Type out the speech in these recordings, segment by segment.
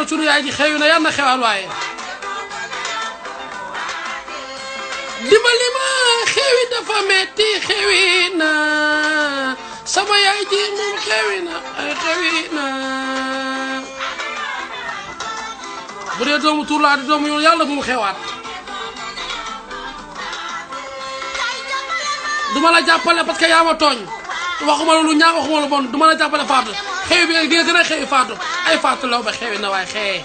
yàlla sunu yaay ji xewi na yal na xewal waaye lima lima xewi dafa metti xewi na sama yaay ji moom xewi na xewi na bu dee di doomu yoon yàlla bu mu la jàppale parce que yaa ma waxuma la lu ñaaw waxuma la bon du ma la jàppale faatu xew bi nag dina a xewi faatu ay faatu law ba xewi na waaye xewe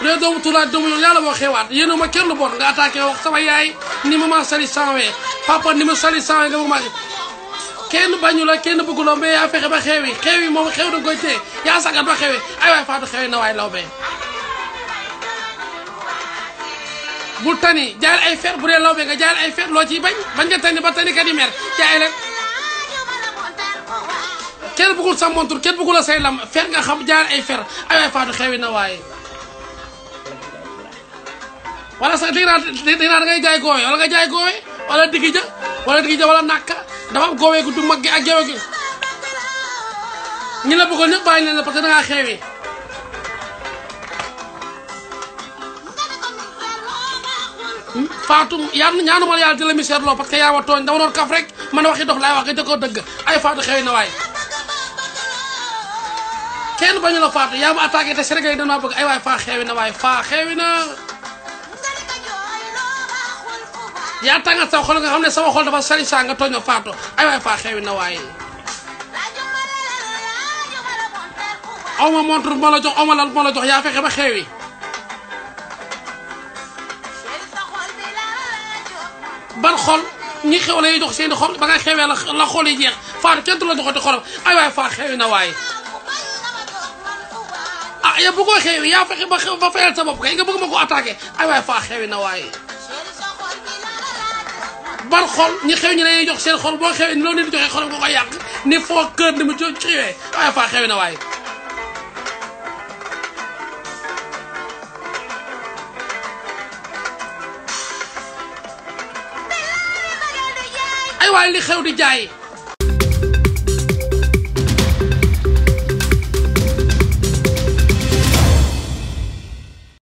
bu dee doomu tuulaat doomu yoon yàlla boo xewaat yéen ma kenn ma sali sanwe papa ni ma sali sanwe nga bëgg maa kenn bañu la kenn bëggu yaa fexe ba xewi xewi moom xew da koy yaa sagat ba xewi ay waay faatu xewi na waay law bee bu tani jaayal ay fer bu dee lawbe nga jaayal ay fer loo ciy bañ bañ nga tani ba tani kat yi mer jaay leen kenn bëggul sa montur kenn bëggul a say lam fer nga xam jaayal ay fer ay waay faatu xewi na waaye wala sax di naa di jaay goowe wala nga jaay goowe wala diggi ja wala diggi ja wala dafa am gu du mag gi ak gewe gi ñi la bëggoon ñëpp bàyyi leen la parce que Fatou yaan ñaanuma yàlla di la mi seetloo parce que yaa ma tooñ dama doon kaf rek man waxi dox laay wax nga ko dëgg ay Fatou xëy na waaye kenn bañu la Fatou yaa ma attaqué te Sénégal yi dañu bëgg ay waay faa xeewi na waaye yaa tàngat sa xol nga xam ne sama xol dafa sari saa nga tooñ ma ay waay faa xeewi na waaye aw ma montre moo la jox aw ma lan moo la jox yaa fexe ba xeewi ban xol ñi xew la ñuy jox seen i xol ba nga xewee la la xol yi jeex faatu kenn du la joxati xolam ay waay faa xewi na waaye. ah yow bu koy xewi yaa fexe ba xew ba nga bëgg ma ko attaqué ay waay faa xewi na waaye. ban xol ñi xew ñi lañuy jox seen xol boo xewee ni yàq ni foo kër ni mu ci xewee ay waay faa xewi na waaye. ay waay li xew di jaay